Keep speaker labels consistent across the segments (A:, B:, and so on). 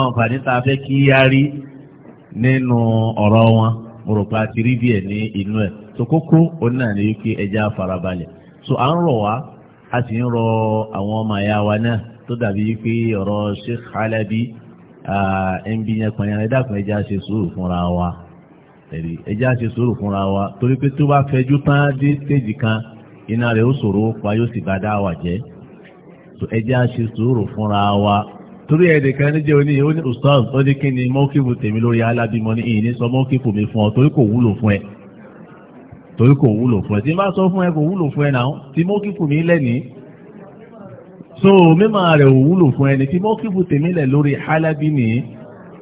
A: àwọn àǹfààní tá a fẹ́ kí á rí nínú ọ̀rọ̀ wọn mo rò pé a ti rí díẹ̀ ní inú ẹ̀ tó kókó òun náà ni wípé ẹja farabalẹ̀ so à ń rọ̀ wá a sì ń rọ àwọn ọmọ ẹ̀yà wa náà tó dàbí wípé ọ̀rọ̀ Sheikh Halabi ń bí yẹn pọ̀nyẹn ẹ̀dá kan ẹja ṣe sùúrù fúnra wa ẹ̀rí ẹja ṣe sùúrù fúnra wa torí pé tó bá fẹjú tán dé stéèjì kan iná rẹ̀ ó ṣòro pa yóò sì bá dá wà jẹ́ so ẹja ṣe sùúrù fúnra wa torí ẹnìkan níjẹ́ oní ó ní ustaz ó ní kí ni mọ́kìfù tèmi lórí alábìmọ ní ìní sọ mọ́kìfù mi fún ọ torí kò wúlò fún ẹ torí kò wúlò fún ẹ tí n bá sọ fún ẹ kò wúlò fún ẹ náà tí mọ́kìfù mi lẹ́nìí so mímọ̀ rẹ̀ ò wúlò fún ẹni tí mọ́kìfù tèmi lẹ̀ lórí alábì nìyí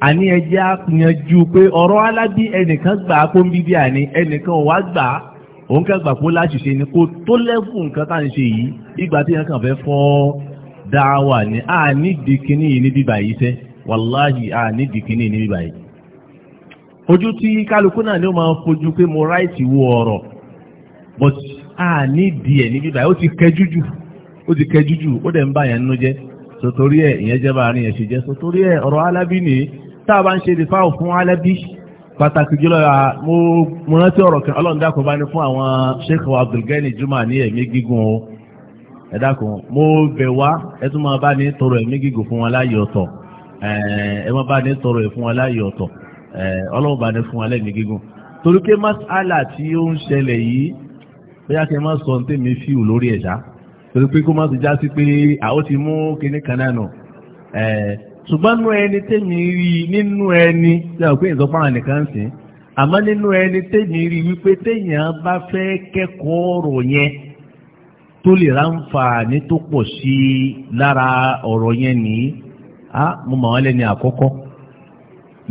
A: àní ẹjẹ́ àpìyànjú pé ọ̀rọ̀ alábí ẹnìkan gbà á kó ń bíbí àní ẹnìkan wá gbà òun kẹgbà kó láṣìṣe ni kó tó lẹ́fù nǹkan tá à ń ṣe yìí ìgbà tí yẹn kàn fẹ́ fọ́ dáwà ní ànídìí kíní yìí ní bíbà yìí sẹ́ wàláhì ànídìí kíní yìí ní bíbà ojú tí kálukú náà ni ó máa ń fojú pé mo ráìtì wo ọ̀rọ̀ but ànídìí ẹ̀ ní bíbà yìí ó ti kẹjú jù ó ti kẹjú jù ó dẹ̀ ń bá yẹn nínú jẹ́ sotori ẹ̀ ìyẹn jẹ́ bá àárín ẹ̀ ṣe jẹ́ sotori ẹ̀ ọ̀rọ̀ alábí nìyí tá a bá ń ṣe lè fáwọn fún alábí pàtàkì jùlọ mo rántí ọ̀rọ̀ kan ọlọ́run dákun bá ní fún àwọn sheikh abdulgani juma ní ẹ̀mí gígùn o ẹ mo bẹ̀ wá ẹ tún máa bá ní tọrọ ẹ̀mí gígùn fún wọn láàyè ọ̀tọ̀ ẹ máa bá ní tọrọ ẹ̀ fún wọn láàyè ọ̀tọ̀ ọlọ́run bá ní fún wọn lẹ́mí gígùn torí pé mas'ala tí ó ń ṣẹlẹ̀ yìí bóyá kí ẹ má sọ ní tèmi fíù lórí ẹ̀ṣá torí pé kó má ti já sí pé àwọn ti mú kinní kan náà nù ṣùgbọ́n nínú ẹni tèmi rí nínú ẹni tí a pè ń sọ fún àwọn sìn àmọ́ nínú ẹni tèmi rí wípé téèyàn bá fẹ́ kẹ́kọ̀ọ́ ọ̀rọ̀ yẹn tó lè ráǹfààní tó pọ̀ sí lára ọ̀rọ̀ yẹn nìyí á mo mọ̀ wọ́n lẹ́ni àkọ́kọ́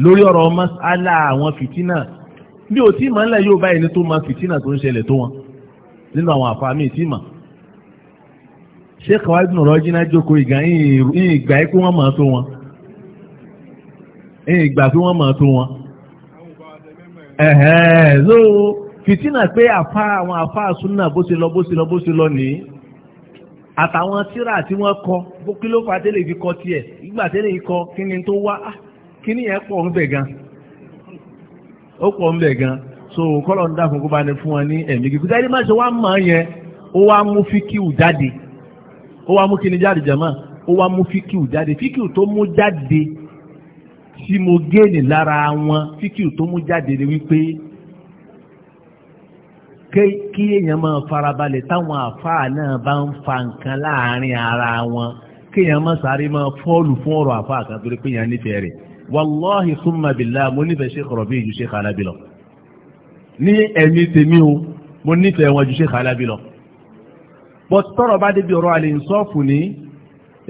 A: lórí ọ̀rọ̀ mas'ala àwọn fìtínà bí o tí màá ń lẹ̀ yóò bá ẹni tó máa fìtínà tó ń ṣẹlẹ̀ tó wọn nínú àwọn àfààní tí mà ṣé kàwáì dùn ọ̀rọ̀ jókòó ìgbà ìgbà yìí wọ́n máa tó wọn ìgbà tí wọ́n máa tó wọn fìtínà pé àfa àwọn àfa súnà bó ṣe lọ bó ṣe lọ bó ṣe lọ nìyí àtàwọn tíra tí wọ́n kọ bó kí ló fa tẹ́lẹ̀ fi kọ tiẹ̀ ìgbà tẹ́lẹ̀ yìí kọ kí ni tó wá ah, kí ni yẹn pọ̀ ń bẹ̀ gan ó pọ̀ ń bẹ̀ gan so kọ́lọ̀ ń dákun kó bá ní fún wọn ní ẹ̀mí kíkú sẹ́yìn má ṣe wá mọ̀ ọ́ yẹn ó wá mú fíkìú jáde ó wá mú kíni jáde jàmá ó wá mú fíkìú jáde fíkìú tó mú jáde tí mo géènì lára wọn fíkìú tó mú jáde ni wípé kí èèyàn máa farabalẹ̀ táwọn àfáà náà bá ń fa nǹkan láàrin ara wọn kí èèyàn máa sáré máa fọ́ọ̀lù fún ọ̀rọ̀ àfáà kan torí pé èèyàn nífẹ̀ẹ́ rẹ̀ wàláhì summa billah mo nífẹ̀ẹ́ Sheikh Rabi' ju Sheikh Halabi lọ ní ẹ̀mí tèmi o mo nífẹ̀ẹ́ wọn ju Sheikh Halabi lọ but tọrọ bá débi ọ̀rọ̀ àlè nsọ́ọ̀fù ni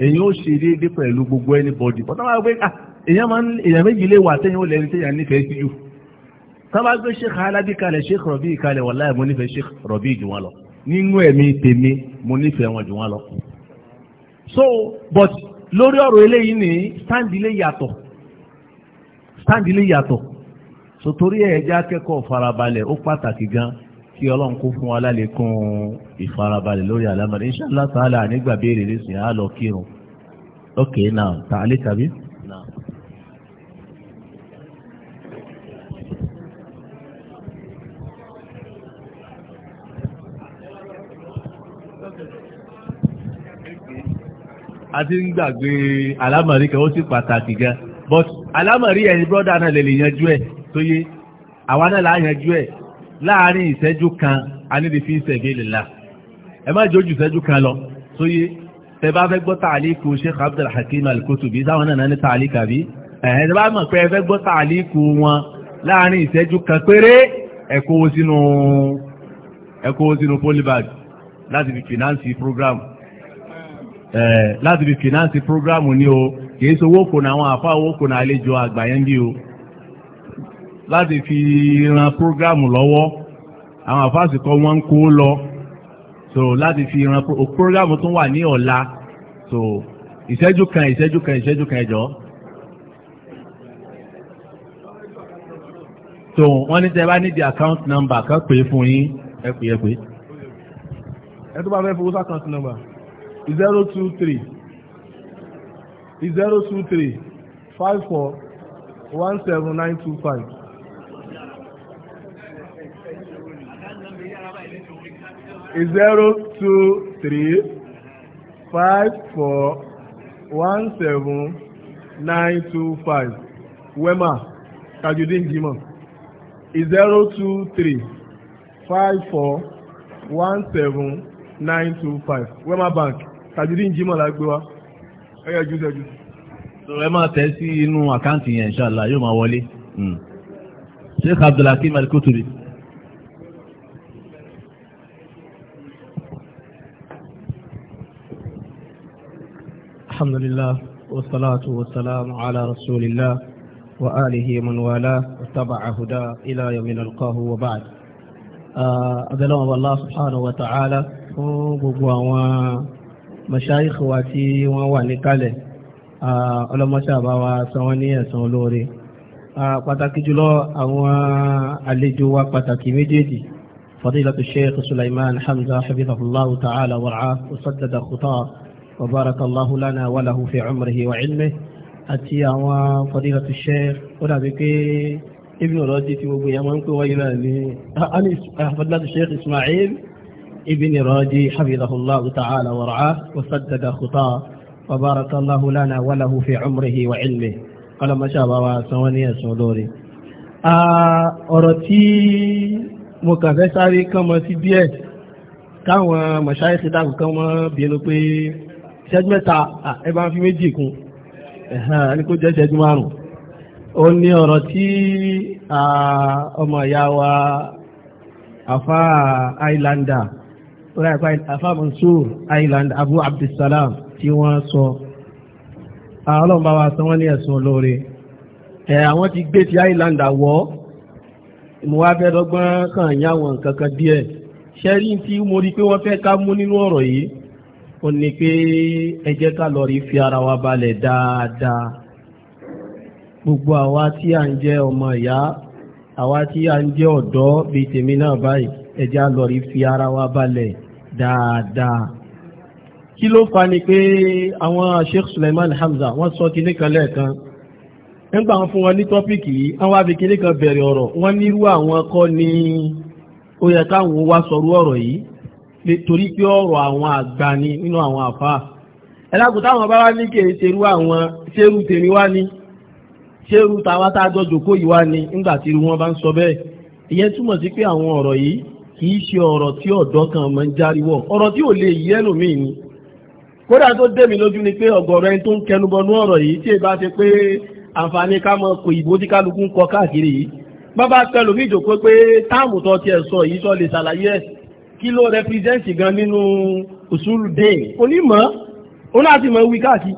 A: èyàn ó ṣe déédéé pẹ̀lú gbogbo anybody but tọ́lá tán bá gbé sheikh alábí kalẹ̀ sheikh rọ̀bí kalẹ̀ wàláhì mo nífẹ̀ẹ́ sheikh rọ̀bí jù wọ́n lọ nínú ẹ̀mí tèmi mo nífẹ̀ẹ́ wọn jù wọ́n lọ. so but lórí ọ̀rọ̀ eléyìí ni stand ilé yàtọ̀ stand ilé yàtọ̀ so torí ẹ̀ ẹja akẹ́kọ̀ọ́ farabalẹ̀ ó pàtàkì gan kí ọlọ́run kó fún wa lálẹ́kùn ìfarabalẹ̀ lórí àlámọ̀dé inṣàlá tààlà nígbà béèrè lẹ́sìn á lọ kírun ok now tààlẹ́ tàbí. àti ń gbàgbé alámọ̀rí kan ó sì pàtàkì gan but alámọ̀rí ẹ̀yin brọ́dà náà lè lè yanjú ẹ̀ tó yé àwa náà là á yanjú ẹ̀ láàárín ìṣẹ́jú kan a nílè fi ṣẹ̀gbẹ́ lè la ẹ má jójú ìṣẹ́jú kan lọ tó yé tẹ bá fẹ́ gbọ́ tààlíkù Sheikh Abdul Hakim Al-Kutubi táwọn náà ní tààlíkà bí ẹ̀hẹ́ tẹ bá mọ̀ pé ẹ fẹ́ gbọ́ tààlíkù wọn láàárín ìṣẹ́jú kan péré ẹ̀kọ́ sínú ẹ̀kọ́ sínú polybag láti fi finance program Eh, láti fi finance program ní o kìí sọ owó kònà àwọn àfá owó kònà àlejò àgbàyẹn bí o láti fi ran program lọ́wọ́ àwọn àfá àsìkò wọn ń kó lọ so láti fi ran program tó wà ní ọ̀la so ìṣẹ́jú kan ìṣẹ́jú kan ìṣẹ́jú kan ẹ̀jọ́ so wọ́n ní tẹ́ bá ní di account number kan pè fún yín ẹ pè ẹ pè ẹ tó bá fẹ́ fowó sí account number zero two three zero two three five four one seven nine two five. zero two three five four one seven nine two five wema tajudeen jimoh zero two three five four one seven nine two five wema bank tàjírí ń jí mọ̀ lágbé wa ẹ̀yà jùsẹ̀ jù. sọ̀rọ̀ ẹ máa tẹ̀ sí inú àkáǹtì yẹn inshallah yóò máa wọlé. Hmm. sheikh abdulhakeem alikutubi. alhamdulillah wasalaatu wasalaamu ala rasulillah wa alihi man wala wa tabaca ila yomi nalqahu wa ba'd. Ah, abẹ́lẹ́ wọn allah subhanahu wa ta'ala fún gbogbo àwọn mọ̀ṣáìkì wa tí wọ́n wà níkàlẹ̀ ọlọ́mọṣà bá wa san wọ́n ní ẹ̀san olóore pàtàkì jùlọ àwọn àlejò wa pàtàkì méjèèjì فضيلة الشيخ سليمان حمزة حفظه الله تعالى ورعاه وسدد خطاه وبارك الله لنا وله في عمره وعلمه أتي فضيلة الشيخ ولا بكي ابن رجتي وابو يمنك وإلى أنا فضيلة الشيخ إسماعيل ابن راجي حفظه الله تعالى ورعاه وسدد خطاه وبارك الله لنا وله في عمره وعلمه قال ما شاء الله سواني سولوري ọ̀rọ̀ tí mo kàn fẹ́ sáré kán mọ sí díẹ̀ káwọn mọ̀ṣáyé sí dákùn kán mọ́ bínú pé ṣẹ́jú mẹ́ta ẹ bá ń fi méjì kún ẹ̀hàn ní kó jẹ́ ṣẹ́jú márùn-ún ó ní ọ̀rọ̀ tí ọmọ ìyá wa àfáà islander torí àpá afa Mansur Island Abu Abdulsalam tí wọ́n sọ ah, ọlọ́run bá wa san wọ́n ní ẹ̀sùn olóore ẹ̀ eh, àwọn ti gbé ti Island àwọ̀ mo wá fẹ́ dọ́gbọ́n kàn yá àwọn nǹkan kan díẹ̀ ṣẹ́rí tí mo rí pé wọ́n fẹ́ ká mú nínú ọ̀rọ̀ yìí ó ní pé ẹ jẹ́ ká lọ rí fi ara wa balẹ̀ dáadáa gbogbo àwa tí à ń jẹ́ ọmọ ìyá àwa tí à ń jẹ́ ọ̀dọ́ bíi tèmi náà báyìí ẹ á lọ rí fi ara wa balẹ̀ dáadáa kí ló fa ni pé àwọn Sheikh Suleiman Hamza wọ́n sọ kinní kan lẹ́ẹ̀kan nígbà wọn fún wọn ní tọ́pìkì yìí àwọn àfi kinní kan bẹ̀rẹ̀ ọ̀rọ̀ wọ́n nírú àwọn kọ́ ni ó yẹ káwọn wá sọrú ọ̀rọ̀ yìí torí pé ọ̀rọ̀ àwọn àgbà ni nínú àwọn àfáà ẹ̀dàkùn táwọn bá wá ní kí ṣerú àwọn ṣerú tèmi wá ní ṣerú tàwa tá a jọ jòkó yìí wá ní nígbà tí wọn bá ń sọ bẹ́ẹ̀ ìyẹn túmọ̀ sí pé àwọn ọ̀rọ̀ yìí kì í ṣe ọ̀rọ̀ tí ọ̀dọ́ kan máa ń járíwọ̀ ọ̀rọ̀ tí ò lè yí ẹlòmíì ni kódà tó dé mi lójú ni pé ọ̀gọ̀rọ̀ ẹni tó ń kẹnubọnú ọ̀rọ̀ yìí tí èbá ṣe pé àǹfààní ká mọ kò ìbò tí kálukú ń kọ káàkiri yìí bàbá pẹlòmíì jókòó pé táàmù tó tiẹ̀ sọ yìí sọ lè ṣàlàyé ẹ̀ kí ló rẹpírẹ́sì gan nínú òṣùlù dẹ́yìn onímọ̀ ó láti mọ̀ wí káàkiri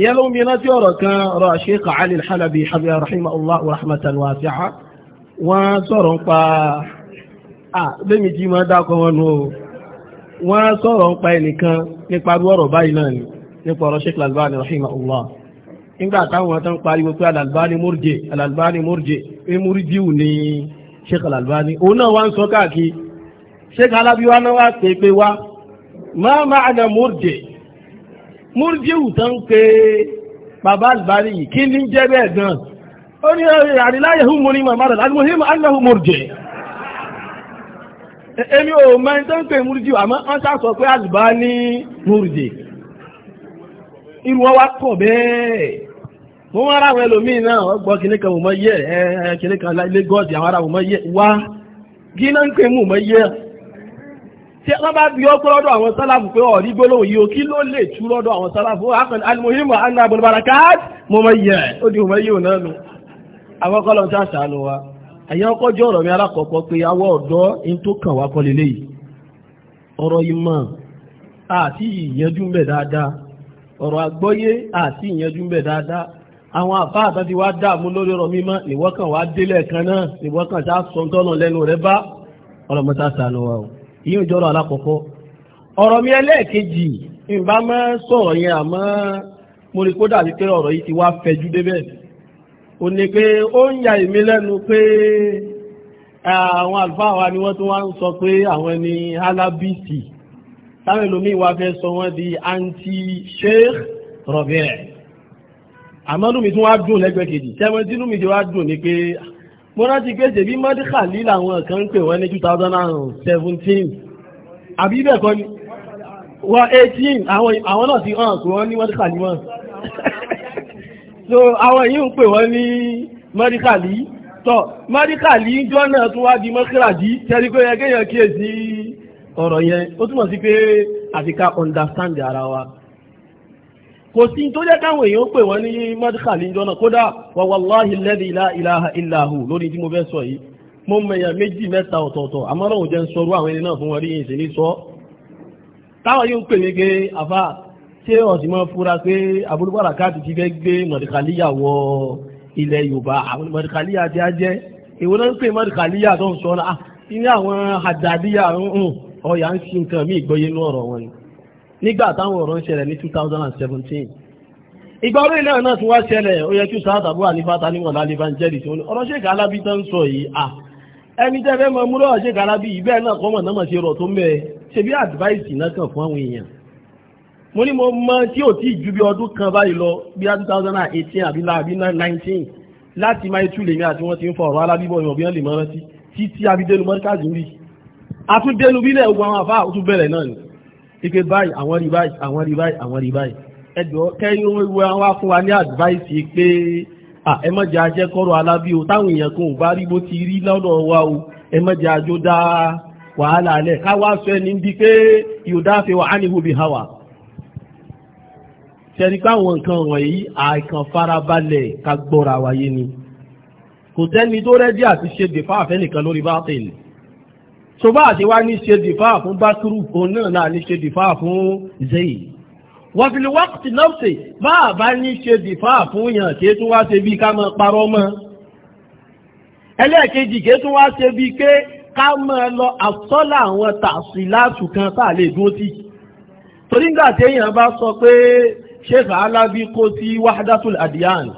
A: ìyẹn ló ń bí rántí ọ̀rọ̀ lẹ́mi tí máa dákọ̀ wọn nù o wọ́n á sọ̀rọ̀ ń pa ẹnìkan nípa irú ọ̀rọ̀ báyìí náà ni nípa ọ̀rọ̀ Sheikh Al-Albani rahimahullah nígbà táwọn tó ń pariwo pé Al-Albani murji Al-Albani murji emurijiu ni Sheikh Al-Albani òun náà wá ń sọ káàkiri Sheikh alábíwá náà wá pè pé wá máa máa na murji murjiu tó ń pe bàbá yìí kí ní jẹ́ bẹ́ẹ̀ gan ó ní àríláyẹ̀ hùmùrí màmá rẹ̀ al-muhim èmi ò mọ ẹni tó ń pè múrùjì àmọ́ wọ́n sá sọ pé àlùbá ní múrùjì irú wọn pọ̀ bẹ́ẹ̀ wọ́n wá ra àwọn ẹlòmíín náà wọ́n gbọ́ kìnnì kan mọ̀ yẹ ẹ kìnnì kan Lagos àwọn ará mọ̀ yẹ wá kí náà ń pè mú mọ̀ yẹ tí wọ́n bá bí ọgbọ́n lọ́dọ̀ àwọn sálàfù pé ọ̀rí gbólóhùn yìí ó kí ló lè tú lọ́dọ̀ àwọn sálàfù akọni alimohimu anabonbarakat mọ̀ mọ̀ yẹ ó di mọ̀ yẹ òun náà nù àwọn kọ́lọ̀ ń sàṣà lọ wa ẹ̀yàn ọkọ́jọ́ ọ̀rọ̀ mi alákọ̀ọ́kọ́ pé awọ́ ọ̀dọ́ in tó kàn wá kọ́ lélẹ̀ yìí ọ̀rọ̀ ìmọ̀ àti ìyẹnjú ń bẹ̀ dáadáa ọ̀rọ̀ àgbọ́yé àti ìyẹnjú ń bẹ̀ dáadáa àwọn àfáà tán ti wá dààmú lórí ọ̀rọ̀ mímọ́ ìwọ́kàn wá délẹ̀ kan náà ìwọ́kàn tá a sọ tọ́nà lẹ́nu rẹ bá ọ̀rọ̀ mọ́ta sànù wa o ìyẹn ìjọ́rọ̀ alákọ̀ọ́kọ́ ọ̀rọ̀ mi ẹlẹ́ẹ̀kejì ìbámọ́ sọ̀rọ̀ yẹn àmọ́ mo rí kó dàbí pé ọ̀rọ̀ yìí ti wá fẹjú débẹ̀ ò ní pé ó ń ya ìmí lẹ́nu pé àwọn àlùfáà wa ni wọ́n tún wá ń sọ pé àwọn ni alábìsì táwọn ẹlòmíín wá fẹ́ sọ wọ́n di anti sheikh Rabi' àmọ́nú mi tún wá dùn lẹ́gbẹ̀ẹ́ kejì tẹ́wọ́n tínú mi ti wá dùn ní pé mo rántí pé ṣèbí mọ́dí kàlí làwọn kan ń pè wọ́n ní two thousand and seventeen àbí bẹ́ẹ̀ kọ́ ni wọ́n eighteen àwọn náà ti hàn pé wọ́n ní mọ́dí kàlí wọn so àwọn yìí ń pè wọ́n ní mẹ́díkàlì tọ́ mẹ́díkàlì jọ́ náà tún wá di mọ́kìràjì tẹ́lí pé ẹgẹ́yàn kíyèsí ọ̀rọ̀ yẹn ó túmọ̀ sí pé àfi ká understand ara wa kò sí tó jẹ́ káwọn èèyàn pè wọ́n ní mẹ́díkàlì jọ́ náà kódà wa wallahi alladhi la ilaha illa hu lórí tí mo fẹ́ sọ yìí mo mẹ̀yà méjì mẹ́ta ọ̀tọ̀ọ̀tọ̀ àmọ́ ọlọ́run jẹ́ ń sọrú àwọn ẹni náà fún wọn rí ìṣèlú sọ ṣé ọ̀sìn máa fura pé abúlúbọ̀rà káàtì ti fẹ́ gbé mọ̀dìkàlíyà wọ ilẹ̀ yorùbá mọ̀dìkàlíyà ti á jẹ́ èwo náà ń pè mọ̀dìkàlíyà tó ń sọ ọ́nà ah, ní àwọn àdàdíyà ọ̀yà ń ṣe nǹkan mí ìgbọ́yé ní ọ̀rọ̀ wọn ni nígbà táwọn ọ̀rọ̀ ń ṣẹlẹ̀ ní two thousand and seventeen ìgbà orí ilẹ̀ náà tún wá ṣẹlẹ̀ ó yẹ kí sáà tàbí wà ní fata níwọ̀n lálẹ́ evangelist wọn ọ̀rọ̀ ṣèkà alábí tó ń sọ yìí à ah, ẹni tẹ́ fẹ́ mọ múlò ṣèkà alábí ìbẹ́ẹ̀ náà kọ́mọ̀ náà mọ̀ ṣe rọ̀ tó mẹ́ẹ̀ ṣe bí advice náà kàn fún àwọn èèyàn mo ní mo mọ tí ò tí ju bí ọdún kan báyìí lọ bí two thousand and eighteen àbí nineteen láti máa tú lèmi àti wọn ti ń fọ ọ̀rọ̀ alábíbọ̀ ìwọ̀n bí wọ́n lè mọ rántí títí abidélu mọ́ríkàzì ń rí àtúndélu bílẹ̀ ogun àwọn àfáà ó tún bẹ̀rẹ̀ náà ni ike báyìí àwọn rí báyìí àwọn rí báyìí àwọn rí báyìí ẹjọ́ kẹ́yìn ìwé wa fún wa ní advice pé ẹ má jẹ́ ajẹ́ kọ́rọ̀ alábí o táwọn èèyàn kan ò bá rí bó ti rí lọ́dọ̀ wa o ẹ má jẹ́ ajó dá wàhálà alẹ́ ká sọ ẹni bí pé yóò dáfẹ́ wà á níhùn bí hawa ṣẹ̀rí káwọn nǹkan wọ̀nyí àìkàn farabalẹ̀ ká gbọ́ra wáyé ni kò tẹ́ni tó rẹ́dí àti ṣe dèfà àfẹ́nìkan lórí bátìlì tó bá àti wá ní ṣe dèfà fún bákúrú òun náà náà ní ṣe dèfà fún zeyi wọ́pìlì wákìtì náà ṣe bá a bá ní ṣe dèfà fún yàn kí tún wá ṣe bí ká máa parọ́ mọ́ ẹlẹ́ẹ̀kejì kí tún wá ṣe bí pé ká máa lọ àsọ́là àwọn tàṣí látù tá a lè dúró sí torí nígbà téèyàn bá sọ pé sheikh alabi kó sí wahadatul adiyan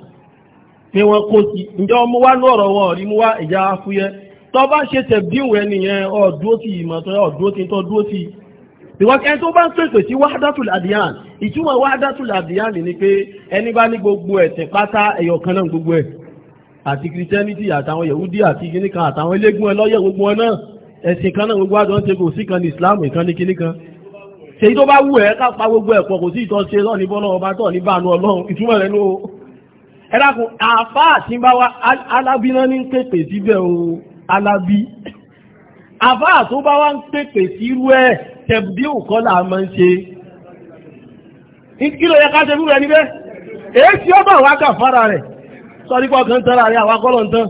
A: ni wọ́n kó sí ǹjẹ́ ọmọ wa ní ọ̀rọ̀ wọn rí mú wá ìjà afúyẹ́ tó bá ṣe tẹ̀bíwò ẹnìyẹn ọ̀dúró ti ìmọ̀ tó yẹ ọ̀dúró ti tó dúró ti because ẹni tó bá ń pèsè sí wahadatul adiyan ìtumọ̀ wahadatul adiyan ni pé ẹni bá ní gbogbo ẹ̀sìn pátá ẹ̀yọ̀kan náà gbogbo ẹ̀ àti christianity àtàwọn yahudi àti kíní kan àtàwọn eléégún ẹ lọ́yẹ̀ gbogbo wọn náà ẹ̀sìn kan náà gbogbo àjọ ń ṣe kò sí kan ní islam ìkan ní kíní kan ṣèyí tó bá wù ẹ́ ká pa gbogbo ẹ̀pọ̀ kò sí ìtọ́ ṣe lọ́ọ̀ní bọ́lọ́ ọba tọ̀ ní bàánú ọlọ́run ìtumọ̀ rẹ̀ ló ẹ dákun àfa àti bá wa alábí náà ní ń pèpè síbẹ̀ o alábí àfa àtó bá wa ń pèpè sírú ẹ̀ tẹ̀bí òkọ́ là máa ń ṣe kí ló yẹ ká ṣe fún rẹ níbẹ̀ èyí tí ó bá wá kà fara rẹ̀ sọ nípa ọkàn tán rẹ̀ àwa kọ́ lọ́ntán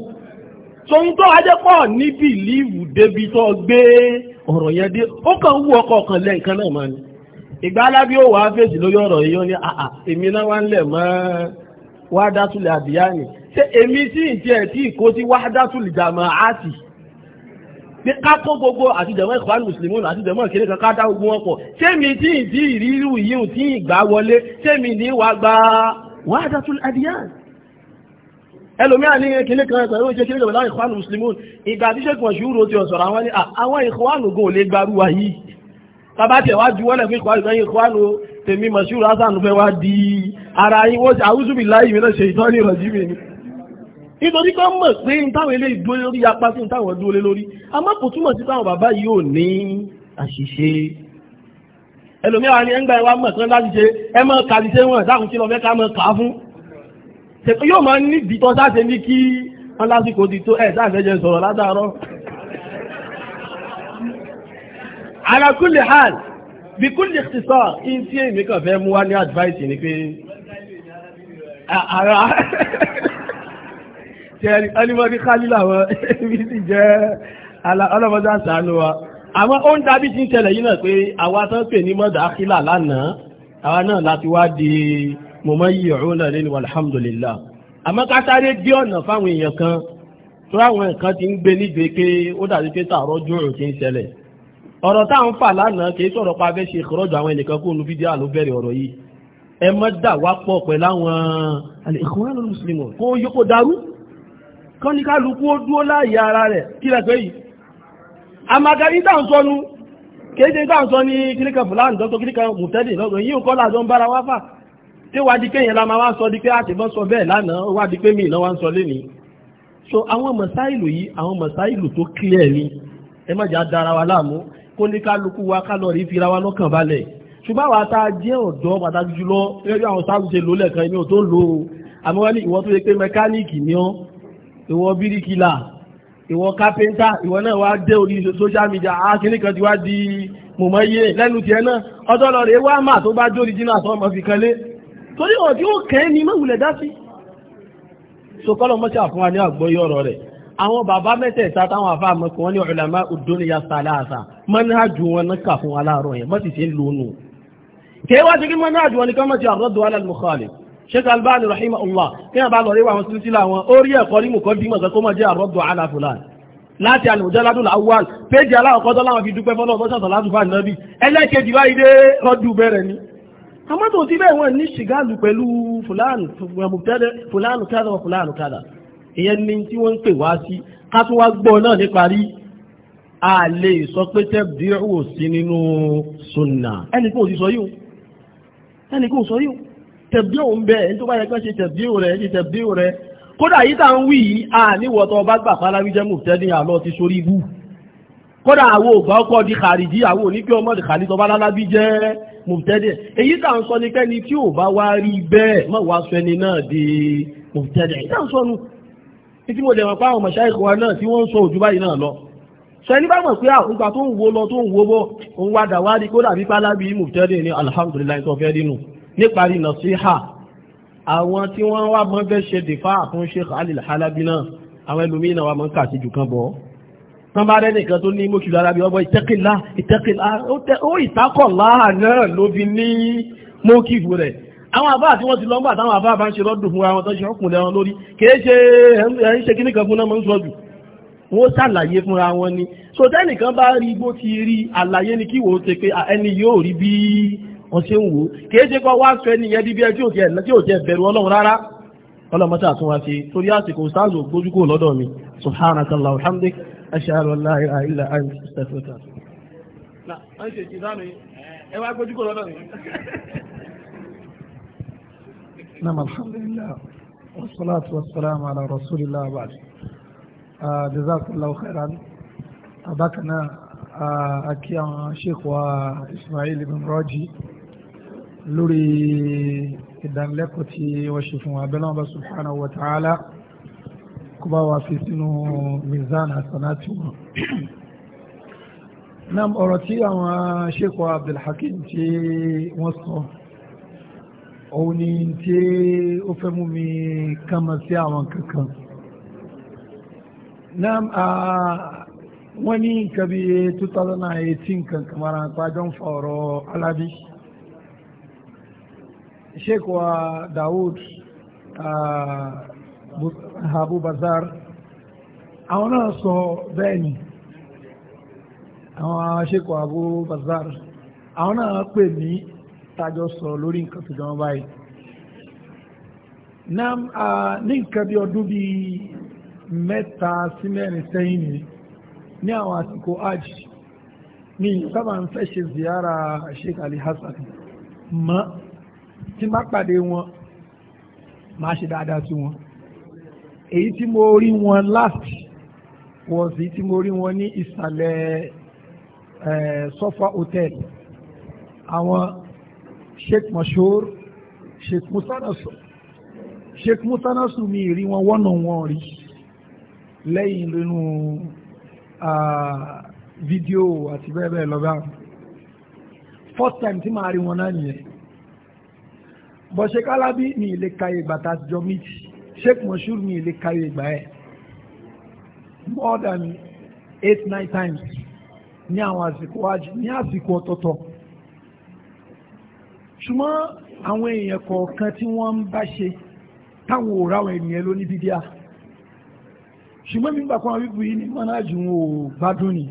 A: tòun tó ajẹ́pọ̀ níbi ìlú ìwù débi tó gbé ọ̀rọ̀ yẹn dé ó kàn wú ọkọ̀ kan lẹ́ǹkan náà máa ní ìgbà alábí ó wàá fèsì lórí ọ̀rọ̀ yìí ó ní àà èmi náà wá ń lẹ̀ mọ́ wádásùlẹ̀ àdìyá ni ṣé èmi tí ń tiẹ̀ tí kò sí wádásùlẹ̀ jàmọ́ àti pé ká kó gbogbo àtijọ́mọ́ ìkọ́wá mùsùlùmí àtijọ́mọ́ ìkéde kan ká dá gbogbo wọn pọ̀ ṣé mi tí ń tí ìrírù yìí tí ìgbà wọlé ṣé mi ní wàá gba wádásùlẹ̀ àdìyá ni ẹlòmíà ní kìnnì kan ẹ̀sọ̀ ìwé ìṣẹ́kìnnì kan láwọn ìkwánù muslimun ìgbà tí ṣẹ́kùn ṣúúrò ti ọ̀sọ̀rọ̀ àwọn ní àwọn ìkwánù gan ò lè gbarúwa yìí bàbá tẹ̀ wá ju wọ́lẹ̀ fún ìkwánù ìgbẹ́yìn ìkwánù tèmi mọ̀ṣúrù hasanu fẹ́ wá di ara yín wọ́n àwùjọ bí láì mi náà ṣe ìtọ́ ní ìrọ̀jú mi ni. nítorí kan mọ̀ pé táwọn ilé ìdúró lórí apá sí táwọn dúró lé ṣèpé yóò máa ní ìdìtọ́ sáṣe ní kí wọ́n lásìkò ti tó ẹ̀ sáfẹ́jẹ sọ̀rọ̀ látàárọ̀
B: ala kulli hal
A: bí kulli ikhtisar in tí èmi kàn fẹ́ mú wá ní advice ni pé ara tẹ́rì ọlọ́mọdé kálílà wọn ibi sì jẹ́ ọlọ́mọdé àṣánú wa àmọ́ ó ń dábí ti ń tẹ̀lẹ̀ yìí náà pé àwa tán pè ní mọ́dà ákílà lánàá àwa náà láti wá di mumayyi'una lil walhamdulillah àmọ́ ká sáré dí ọ̀nà fáwọn èèyàn kan tó àwọn nǹkan ti ń gbé níbi pé ó dàbí pé tààrọ́ jùrù ti ń ṣẹlẹ̀ ọ̀rọ̀ táwọn fà lánàá kì í sọ̀rọ̀ pa fẹ́ ṣe ìkọ́rọ̀jù àwọn ẹnìkan kó nu fídíò ló bẹ̀rẹ̀ ọ̀rọ̀ yìí ẹ mọ́ dà wá pọ̀ pẹ̀lú àwọn al-Ikhwanul Muslimun kó yóò kó darú ní kálukú ó dúró láàyè ara rẹ̀ kí lẹ́pẹ́ yìí àmàgàrí táwọn sọnu kéde táwọn sọ ní kíríkà fúlàní lọ́tọ̀ kíríkà mùtẹ́lì lọ́tọ̀ yìí ń tí wá di kéyìn la máa wá sọ di pé àti bọ́ sọ bẹ́ẹ̀ lánàá wá di pé mìíràn wá ń sọ lénìí so àwọn mọ̀sáìlù yìí àwọn mọ̀sáìlù tó clear ni ẹ má jà dára wa láàmú kó ní kálukú wa kálọ̀rì fira wa lọ́kàn balẹ̀ ṣùgbọ́n àwọn ata jẹ́ ọ̀dọ́ pàtàkì jùlọ gẹ́gẹ́ bí àwọn sáàlù ṣe lò lẹ́ẹ̀kan ẹni ò tó ń lo àmọ́ wá ní ìwọ tó yẹ pé mẹkáníìkì ni ọ́ ìwọ bíríkìlà ìwọ kápẹ́ńtà ìwọ náà wá dé orí social media á ah, kíní kan ti wá di mọ̀mọ́ yé lẹ́nu tiẹ̀ náà ọjọ́ lọ rèé wá mà tó bá jó di jìnnà fi kan lé torí ọ̀rọ̀ tí ó kẹ́ ni mẹ́wùlẹ̀ dá sí so kọ́lọ̀ mọ́ṣà fún wa ní àgbọ́yé ọ̀rọ̀ rẹ̀ àwọn bàbá mẹ́tẹ̀ẹ̀ta táwọn àfáà mọ́kàn wọn ní ulama ad-dunya salasa manhaju wọn ní kà fún wa láàárọ̀ yẹn mọ́tì sí lónù kẹ́ wá sí kí manhaju wọn ní kọ́ mọ́tì ar-raddu ala al-mukhalif Sheikh Albani rahimahullah kí wọn bá lọ rí wa àwọn sílísílà wọn ó rí ẹ̀kọ́ ní mùkọ́ dímọ̀ kẹ́kọ́ mọ́ jẹ́ ar-raddu ala fulan láti al-mujalladul péjì aláwọ̀kọ́ tó láwọn fi dúpẹ́ fọ́lọ́ ọ̀bọ́sàtọ̀ láti fà nàbí ẹlẹ́kejì báyìí dé rọ́dù bẹ̀rẹ̀ ni àmọ́tò tí bẹ́ẹ̀ wọ́n ní ṣìgáàlù pẹ̀lú fúlànù kádà wọ fúlànù kádà ìyẹn ni tí wọ́n ń pè wá sí ká tún wá gbọ́ náà ní parí a lè sọ pé tẹ́bìdírù sí nínú sunna ẹnì kò sì sọ yìí ẹnì kò sọ yìí tẹ̀bíò ń bẹ ẹni tó bá yẹ pé ṣe tẹ̀bíò rẹ̀ ṣe tẹ̀bíò rẹ̀ kódà yìí tá ń wí yìí a bá gbà páláwí jẹ́ mùtẹ́ni àlọ́ ti sórí ibú kódà àwọn ògbà ọkọ̀ di kàrìjí àwọn oníkí ọmọ di kàrìjí tọba lálábí jẹ́ mùtẹ́dẹ̀ èyí tà ń sọ ní kẹ́ni tí ò bá wá rí bẹ́ẹ̀ mọ̀ wá sọ ẹni náà di mùtẹ́dẹ̀ èyí tà ń sọ nu títí mo dẹ̀mọ̀ pa àwọn mọ̀ṣá ìkọ̀ wa náà tí wọ́n ń sọ òjú báyìí náà lọ sọ ẹni bá mọ̀ pé àgbà ah, tó ń wo lọ tó ń wo bọ̀ òun wá dà wá rí kó dàbí pálábí mùtẹ́dẹ̀ ni alhamdulilayi tó fẹ́ dínú níparí nasiha àwọn tí wọ́n wá mọ́ fẹ́ ṣe dèfà fún Sheikh Ali Halabi náà àwọn ẹlòmíín náà wà mọ́ kà sí jù kan bọ̀ ọ́ tán bá rẹ́ nìkan tó ní mọ́ṣù lára bí ọgbọ́ ìtẹ́kìlá ìtẹ́kìlá ó ìtakọ̀lá náà ló fi ní mọ́kìfù rẹ̀ àwọn àbá àti wọ́n ti lọ́gbà táwọn àbá bá ń ṣe lọ́dún fún àwọn tó ṣe ọkùnrin wọn lórí kìí ṣe ẹ̀yìn ṣe kíníkan fún náà mọ́ ń sọ jù wọ́n ṣàlàyé fúnra wọn ni so tẹ́nìkan bá rí bó ti rí àlàyé ni kí wò ó ṣe pé ẹni yóò rí bí wọ́n ṣe ń wò ó kìí ṣe kọ́ wá sọ ẹni yẹn bíbí ẹ tí ò jẹ́ bẹ̀rù ọlọ́run rárá ọlọ́mọṣà tún wá ṣe torí àsìkò sáàzò gbójúkò lọ́dọ̀ mi subhanakallah alhamdulilayi أشهد أن لا إله إلا أنت أستغفرك لا أنت تزامي أيوة أقول لك ولا
C: نعم الحمد لله والصلاة والسلام على رسول الله بعد جزاكم الله خيرا أباكنا أكي شيخ وإسماعيل بن راجي lórí ìdánilẹ́kọ̀ọ́ tí wọ́n ṣe fún wa abẹ́lẹ́ wọn bá subhanahu wa ta'ala kó bá wa fi sínú mizan hasanati wọn nam ọ̀rọ̀ tí àwọn ṣekọ̀ abdulhakim tí wọ́n sọ òun ni tí ó fẹ́ mú mi kánmọ̀ sí àwọn kankan nam wọ́n ní nǹkan bí 2018 kankan mara pàjọ́ ń fa ọ̀rọ̀ alábí ṣekọ̀ dawood Abu Bazar àwọn náà sọ bẹ́ẹ̀ ni àwọn aṣekọ̀ Abu Bazar àwọn náà pè ní tájọ sọ lórí nǹkan tó jọmọ báyìí ní nǹkan bí ọdún bíi mẹ́ta sí mẹ́rin sẹ́yìn ni ní àwọn àsìkò aj ní sábà ń fẹ́ ṣe ziyara Sheikh Ali Hasan mọ́ tí má pàdé wọn máa ṣe dáadáa sí wọn èyí tí mo rí wọn last was èyí tí mo rí wọn ní ìsàlẹ̀ Sofa Hotel àwọn Sheikh Mashur Sheikh Musa Nasu Sheikh Musa Nasu mi rí wọn wọ́nà wọn rí lẹ́yìn nínú fídíò àti bẹ́ẹ̀ bẹ́ẹ̀ lọ́gbà first time tí màá rí wọn náà nìyẹn bọ̀ṣẹ́kálábí mi lè ka ìgbà tá a jọ méjì sheikh moshood mi lè kàwé ìgbà ẹ̀ more than eight nine times ní àwọn àsìkò wájú ní àsìkò ọ̀tọ̀ọ̀tọ̀ ṣùgbọ́n àwọn èèyàn kọ̀ọ̀kan tí wọ́n ń bá ṣe táwọn ò ráwọn ènìyàn ló ní bídíà ṣùgbọ́n mi gbà kan wípé yìí ní mọ́nájú wọn ò gbádùn ni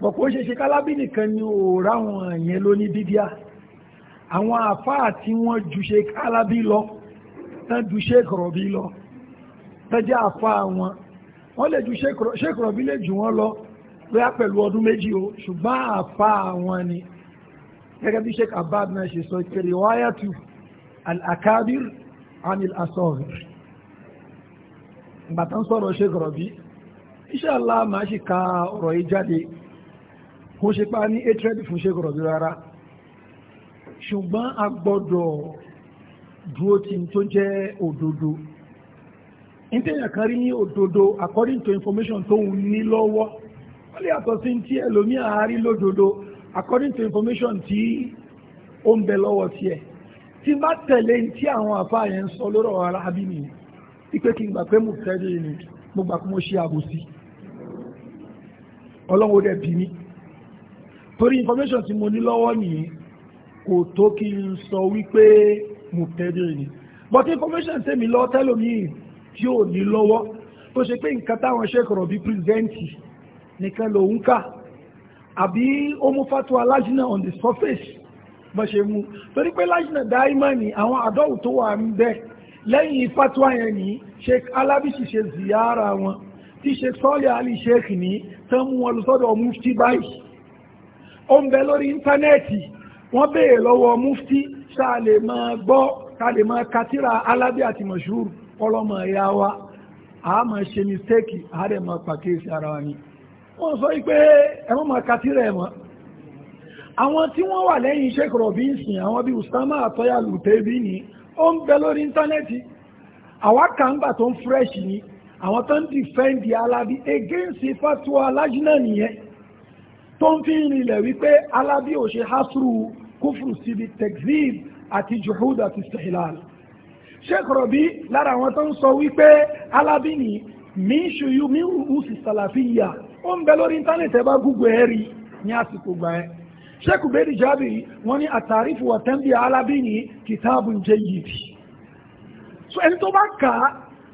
C: bọ̀pọ̀ ó ṣe ṣe kálábí nìkan ni ò ráwọn èèyàn ló ní bídíà àwọn àfáà tí wọ́n ju ṣe kálábí lọ tán ju sheik rọ̀bí lọ tán jẹ́ àfa wọn wọ́n lè ju sheik rọ̀bí lè jù wọ́n lọ bóyá pẹ̀lú ọdún méjì o ṣùgbọ́n àfa wọn ni gẹ́gẹ́ bí sheik abad náà ṣe sọ ìkèrè wáyà tù al-akabir anil asọ́ọ̀rì ìgbà tán sọ̀rọ̀ sheik rọ̀bí inshallah máa ṣì ka ọ̀rọ̀ yìí jáde kó ṣe pa ní atred fún sheik rọ̀bí rárá ṣùgbọ́n a gbọ́dọ̀ dúró tí tó jẹ́ òdodo ìtẹ̀yàn kan rí ní òdodo according to information tó ń ní lọ́wọ́ wọ́n lè yàtọ̀ sí tí ẹlòmíà àárí lódodo according to information tí ó ń bẹ lọ́wọ́ tiẹ̀ tí bá tẹ̀lé tí àwọn àfa yẹn ń sọ lórí ọ̀rọ̀ arábí mi ipe kí n gbà pé mo tẹ́lẹ̀ ni mo gbà pé mo ṣe àbòsí ọlọ́run ó dẹ̀ bí mi torí information tí mo ní lọ́wọ́ nìyí kò tó kí n sọ wípé mùtẹ́dìrì ni but information tẹ́mi lọ tẹ́lòmíì tí ò ní lọ́wọ́ tó ṣe pé nǹkan táwọn ṣe kọ̀rọ̀ bí pírẹsẹ́ǹtì nìkan lòun kà àbí ó mú fatwa alájínà on the surface bó ṣe mú torí pé lájínà dáímà ni àwọn àdọ́wù tó wà ń bẹ lẹ́yìn fatwa yẹn ní sheikh alábìsì ṣe ziyara wọn tí sheikh sọ́ọ̀lì alì sheikh ní tán mú wọn lọ́sọ́dọ̀ mufti báyìí ó ń bẹ lórí íńtánẹ́ẹ̀tì wọ́n béèrè lọ́wọ́ mufti sáà lè máa gbọ́ ká lè máa katira alábí àti mọ̀ṣúrù ọlọ́mọ ẹ̀yà wa a máa ṣe mistake a rẹ̀ máa pàkíyèsí ara wa ni wọ́n sọ wípé ẹ̀mọ́ máa katira ẹ̀mọ́ àwọn tí wọ́n wà lẹ́yìn iṣẹ́ kọ̀rọ̀bínsìn tó ń against fatuwa alájínà nìyẹn tó ń fi ń rinlẹ̀ wípé alábí ò ṣe hásùrù kúfùrù síbi tekzib àti juhud àti istihlal sheikh rabi lára àwọn tó ń sọ wípé alábìnrin min ṣuyu min ruusi salafiya ó ń bẹ lórí íńtánẹ̀tì ẹ bá gúgùn ẹ rí ní àsìkò gbà ẹ sheikh ubedi jabi wọn ní àtàrífù wọ̀tẹ́ńbì alábìnrin kitabun jayyid so ẹni tó bá kà á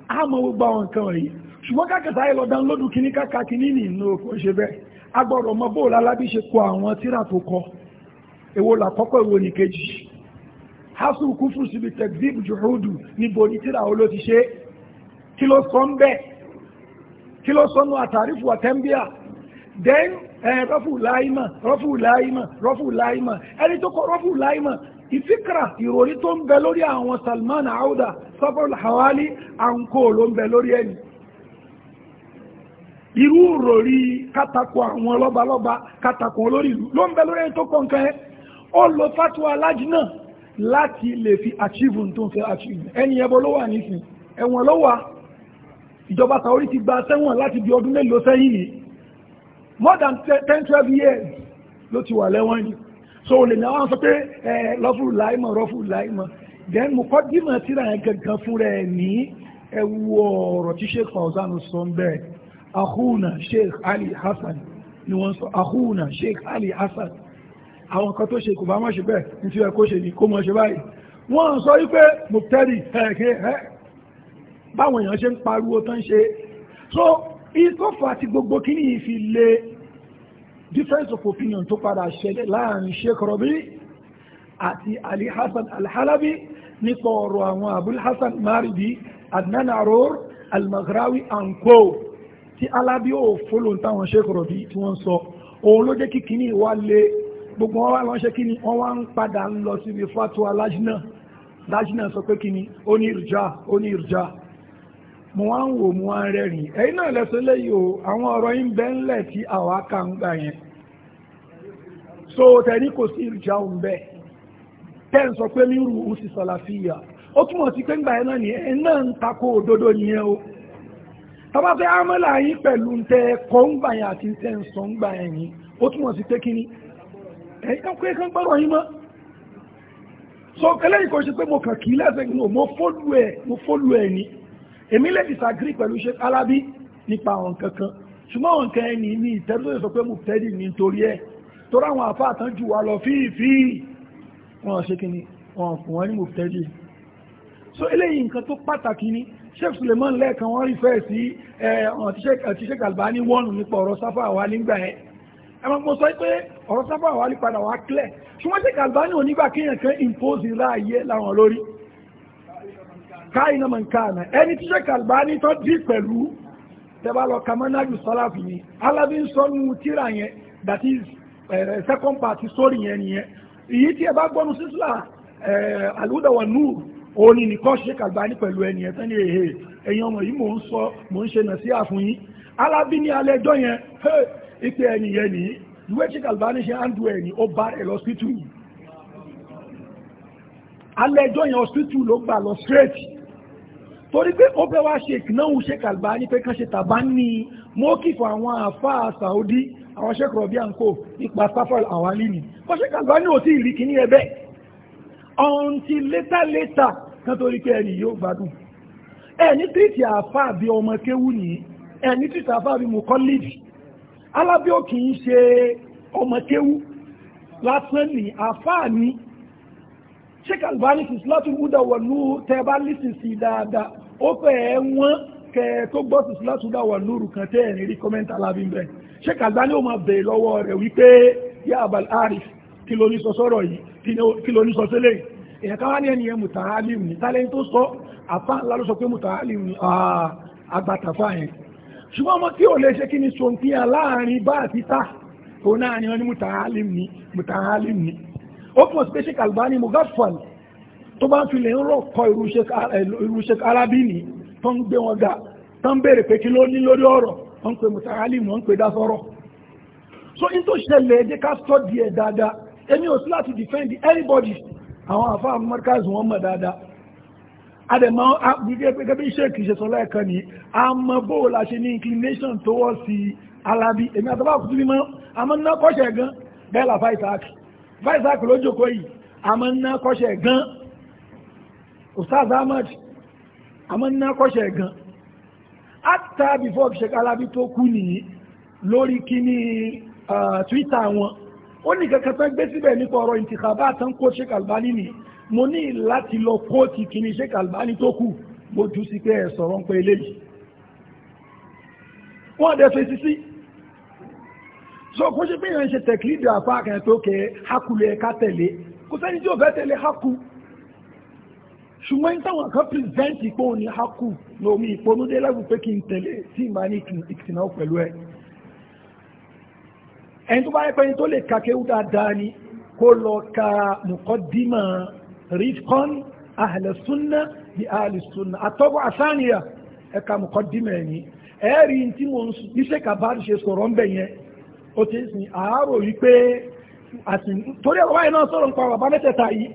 C: á mọ gbogbo àwọn nǹkan wọ̀nyí ṣùgbọ́n kákàtà yìí lọ dánlódù kíní káka kíní nì ní òkú ṣe bẹ́ẹ̀ agbọ́dọ̀ mọ bóòlù alábí kọ àwọn tíra tó kọ èwo làkọ́kọ́ èwo ní kejì hasu kúfù síbi tẹ̀gbìb jùhúdù níbo ní tíra ó ló ti ṣe kí ló sọ ń bẹ́ kí ló sọnù àtàrífù àtẹ́mbíà then eh, rọ́fù láìmà rọ́fù láìmà rọ́fù láìmà ẹni tó kọ rọ́fù láìmà ìfíkra ìròrí tó àwọn Salman Auda Safarul Hawali àǹkó ló ń bẹ lórí ẹni irú ìròrí kátàkùn àwọn lọ́balọ́ba kátàkùn olórí ìlú ló ń bẹ lórí ẹni tó kọ nǹkan ẹ́ ó lo fatuwa aláàjì náà láti lè fi achieve tó ń fẹ́ achieve ẹni ẹbọ ló wà nísìn ẹ̀wọ̀n ló wà ìjọba Saudi ti gba sẹ́wọ̀n láti bí ọdún mélòó sẹ́yìn yìí more than ten twelve years ló ti wà lẹ́wọ̀n yìí so olè ní àwọn sọ pé ẹ lọ́fù láìmọ̀ rọ́fù láìmọ̀ then mo kọ́ dímọ̀ síra yẹn gangan fún rẹ̀ ní ẹwu ọ̀rọ̀ tí Sheikh Fawzan sọ ń bẹ́ẹ̀ ahuna Sheikh Ali Hasan ni wọ́n sọ ahuna Sheikh Ali Hasan àwọn kan tó ṣe kò bá mọ́ ṣe bẹ́ẹ̀ ní tí ẹ kó ṣe ní kó mọ́ ṣe báyìí wọ́n sọ wípé mọ̀tẹ́rì ẹ̀ẹ́kẹ́ ẹ́ báwọn èèyàn ṣe ń pariwo tán ṣe so ìtọ́fà àti gbogbo kíní yìí fi lè difference of opinion tó padà ṣẹlẹ̀ láàrin Sheikh àti Ali Hassan Al-Halabi nípa ọ̀rọ̀ àwọn Abul Hassan Maridi Adnan Aror Al-Maghrawi and co ti Alabi ò fólóǹtàwọn Sheikh Rabi tí wọ́n sọ òun ló jẹ́ kíkiní wá lé gbogbo wọn wá lọ ṣe kí ni wọ́n wá ń padà ń lọ síbi fatwa lajna lajna sọ pé kí ni ó ní ìrìjà ó ní ìrìjà mo wá ń wò mo wá ń rẹ́rìn ẹ̀yin náà lẹ́sọ léyìí o àwọn ọ̀rọ̀ yín bẹ́ ńlẹ̀ tí àwa kà ń gbà yẹn so tẹ̀ní kò sí ìrìjà òun bẹ́ẹ̀ tẹ́ ń sọ pé nírú òun sì sàlàfíà ó túmọ̀ sí pé ńgbà yẹn náà nìyẹn ẹ̀ náà ń takò òdodo nìyẹn o tọ́ba fẹ́ amọ́là yín pẹ̀lú ń tẹ́ kọ́ ń yẹn àti ń tẹ́ ń sọ ń yẹn ó túmọ̀ sí pé kíní ẹ̀yìn kó ẹ̀kan gbọ́rọ̀ yìí mọ́ so eléyìí kò ṣe pé mo kàn kì lẹ́sẹ̀ nínú mo fólú ẹ̀ mo fólú ẹ̀ ni èmi lè disagree pẹ̀lú ṣe alábí nípa àwọn kankan ṣùgbọ́n àwọn kan ẹni ní ìtẹ́lú sọ pé mo tẹ́lì ní torí ẹ̀ tó ráwọn àfá àtàn jù wá lọ fíìfíì wọn ṣe kí mo tẹ́lì so eléyìí nǹkan tó pàtàkì ni sheikh suleiman lẹ́ẹ̀kan wọ́n rí fẹ́ sí ẹ̀ àti albani wọ́n nípa ọ̀rọ̀ sáfà wa ẹmọ mo sọ pé ọ̀rọ̀ sábà wà ní padà wà clear ṣùgbọ́n ṣe kàlbáni onígbà kíyàn kan impose ìlà ayé láwọn lórí káyìnà mọ̀nkánà ẹni tí ṣe kàlbáni tó dì pẹ̀lú tẹ́bá lọ kamanaju sálàfì ni alábí ń sọ nù tíra yẹn that is second part story yẹn nìyẹn èyí tí ẹ bá gbọ́nu sísúlà àlùdọ̀wọ̀ nù òní nìkan ṣe kalbani pẹ̀lú ẹni ẹ̀ tán ní èyí ọmọ yìí mò ń sọ mò ń ṣe nà yẹn ipe ẹni yẹn ní ìwé chick albani ṣe àndú ẹni ó bá rẹ̀ lọ sí tù alẹ́ ẹjọ́ yẹn hospital ló gbà lọ straight torí pé ó fẹ́ wá ṣe ìkìnáwó sheik albani pé kan ṣe tàbá ní mọ́kì fún àwọn àfáà saudi àwọn sheik rọ̀bí àǹkó nípa safal awali ni kọ́ sheik albani ò tí ì rí kíní ẹbẹ́ until later later kan torí pé ẹni yóò gbádùn ẹni tìrìtì àfáà bí ọmọ kéwù nìyí ẹni tìrìtì àfáà bí mùkọ́lìdì alábíò kì í ṣe ọmọ kéwú lásán ní àfáà ní sheik albani ti silatul huda wọ̀lú tẹ́ bá lísìn sí dáadáa ó fẹ́ wọ́n kẹ́ tó gbọ́ sí silatul huda wọ̀lú rùkàn tẹ́ ẹ̀rín rí kọ́mẹ́ntà lábí bẹ́ẹ̀ sheik albani ó máa bèè lọ́wọ́ rẹ̀ wípé yá abal arif kí ló ní sọ sọ́rọ̀ yìí kí ló ní sọ sílẹ̀ èèyàn ká wá ní ẹni yẹn mùtàálìm ní tálẹ́yìn tó sọ àfáà ńlá ló sọ pé mùtàálìm ní ah, àgbàtàfáà yẹn ṣùgbọ́n ọmọ tí ò lè ṣe kí ni ṣòǹfihàn láàrin bá àti tá náà ni wọ́n ní mùtàhálìm ni mùtàhálìm ni ó pọ̀ sí pé ṣe kàlùbáni mugafal tó bá ń fi lè ń rọ̀ kọ irúṣẹ́ arábìnì tó ń gbé wọn ga tó ń béèrè pé kí ló ní lórí ọ̀rọ̀ wọ́n ń pe mùtàhálìm wọ́n ń pe dásọ́rọ̀ so in tó ṣẹlẹ̀ ẹ̀jẹ̀ ká sọ díẹ̀ dáadáa èmi ò sí láti defend anybody àwọn àfáà mọ́kàzù wọn mọ̀ dáadáa adẹ̀mọ́ gẹ́gẹ́ bí iṣẹ́ kìí ṣe sọ lẹ́ẹ̀kan ní àmọ́ bó la ṣe ní inclination towards sí alábí èmi àtàbà kùtù bí mọ́ àmọ́ ná kọ́ṣẹ̀ gan bẹ́ẹ̀ la fáìsáàkì fáìsáàkì ló jókòó yìí àmọ́ ná kọ́ṣẹ̀ gan ustaz ahmad àmọ́ ná kọ́ṣẹ̀ gan after before kìí ṣe alábí tó kú nìyí lórí kíní uh, twitter wọn ó ní kankan tán gbé síbẹ̀ nípa ọ̀rọ̀ ìtìkàbá àtànkó ṣe nìyí mo ní láti lọ kóòtì kí ni Sheikh Albani tó kù mo jù sí pé ẹ sọ̀rọ̀ ń pẹ́ eléyìí wọ́n dẹ̀ fèsì sí so kó ṣe pé yẹn ṣe tẹ̀kìlìdì àpá kan tó kẹ haku lè ká tẹ̀lé kò sẹ́ni tí ò fẹ́ tẹ̀lé haku ṣùgbọ́n táwọn kan pìrìsẹ́ǹtì pé òun ni haku lómi ìponúdé lẹ́gùn pé kí n tẹ̀lé tí ìmá ní ìtìná pẹ̀lú ẹ ẹni tó bá yẹ pé ẹni tó lè ka dáadáa ni kó lọ ka mùkọ́dímọ̀ rifkan ahlẹ̀ súnà bí ahlẹ̀ súnà àtọ́gbọ́ àsáníyà ẹ̀ka mọ̀kọ́ dìmọ̀ ẹ̀yìn ẹ̀rí tí mo ń sùn iṣẹ́ kàbárì ṣe sọ̀rọ̀ ń bẹ̀ yẹn ó ti ń sìn àárò yìí pé àti torí ọ̀rọ̀ báyìí náà sọ̀rọ̀ nípa bàbá mẹ́tẹ̀ẹ̀ta yìí